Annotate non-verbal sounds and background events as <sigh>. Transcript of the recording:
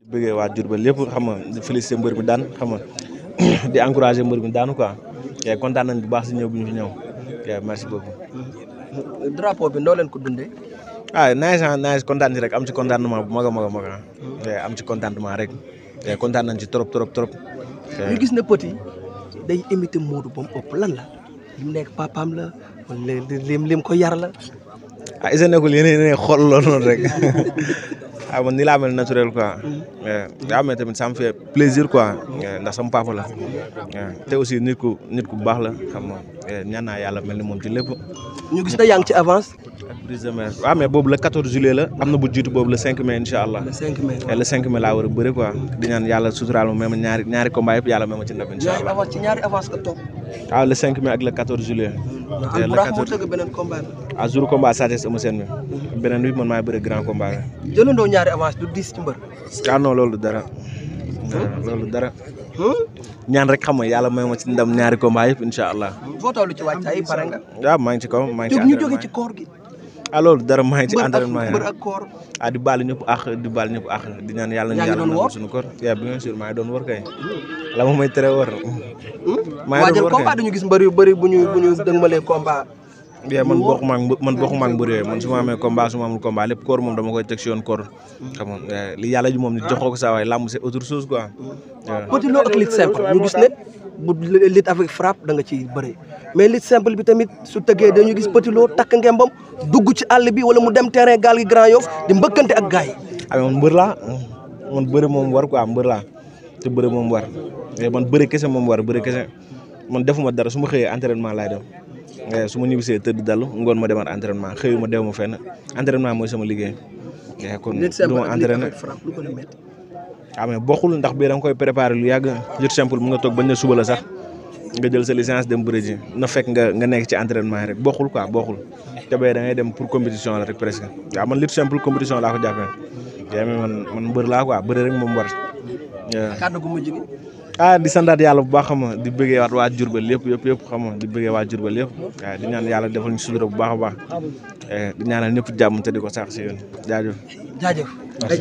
di bëggee waa Diourbel lépp xam nga di féliciter mbër mi daan xam nga <coughs> di mbër mi daanu quoi eh, kontaan nañ bu baax si ñëw bi ñu fi ñëw te eh, merci beaucoup. Mm-hmm. drapeau leen ko dundee. ah nice ah nice kontaan si rek am ci contentement bu mag a mag a ah. eh, am ci contentement rek kontaan nañ ci trop trop trop. gis na Petit day imiter Modou ba mu ëpp la li mu nekk papaam la lim lim ko yar la. ah is na nekkul yeneen yeneen xool noonu rek. <laughs> ah man nii laa mel naturel quoi. waaw mm. mais tamit ça me plaisir quoi. ndax sama papa la. te aussi nit ku nit ku baax la xam nga ñaan naa yàlla mel ni moom ci lépp. ñu gis na yaa ci avance. ak brise de ah, mer waaw mais boobu le 14 juillet la am na bu jiitu boobu le 5 mai incha allah. le 5 mai le war a bëri di ñaan yàlla suturaal ma même ñaari ñaari combat yëpp yàlla même ci ndam incha allah. waaw ah, le 5 mai le 14 juillet. Ah, te le 14 moo tëgg beneen bi. ah jour combat Sa Thiès Eumeu Sène bi. beneen bi man maay bëri ah, loolu dara. loolu dara. Hmm? ñaan rek xam nga yàlla may ma ci ndam ñaari combat yëpp incha allah. foo maa ngi ci kaw maa ngi ci ñu jóge koor maa ngi ci entraînement yi ah di baal ñëpp àq di baal ñëpp àq di ñaan yàlla ñu yàlla nangu suñu koor yaa bi bien sûr maa ngi doon wor hmm. la ma may tere wor hmm? maa jël dañu gis mbër yu bëri bu ñu bu ñu dëgmalee combat. bien man bokkuma ak man bokkuma ak mbër ma amee combat su ma amul combat lépp koor moom dama koy teg ko saa waay làmb c'est autre chose quoi. waaw Petit Lo ak lutte simple ñu gis ne bu lutte avec frappe da nga ciy bëri mais lutte simple bi tamit su tëggee dañu gis Petit Lo takk ngembam dugg ci àll bi wala mu dem terrain gaal gi Grand Yoff di mbëkkante ak gars yi. ah laa man bëri moom war ko mbër laa. te bëre moom war mais eh, man bëre kese moom war bëre kese man defuma dara su ma xëyee entraînement laay dem eh, su ma ñibbisee tëdd dalu ngoon ma demaat entraînement xëyu ma dew ma fenn entraînement mooy sama liggéey. Eh, kon du ma entraîné waaw ah, mais bokkul ndax bii da nga koy préparé lu yàgg lutte simple mun nga toog bañ na suba la sax nga jël sa licence dem bëre na fekk nga nga nekk ci entraînement rek bokkul quoi bokkul te bee da dem pour compétition la rek presque waaw man lutte simple compétition laa laa quoi bëre rek moom war. kàddu gu mujj gi ah di sandaat yàlla bu baax xam di bëggee waat waa Diourbel yëpp yëpp yëpp xam nga di bëggee waa Diourbel yëpp waaw ah, di ñaan yàlla defal ñu sutura bu baax a baax eh, di ñaanal ñëpp jàmm te di ko sax si yoon jaajëf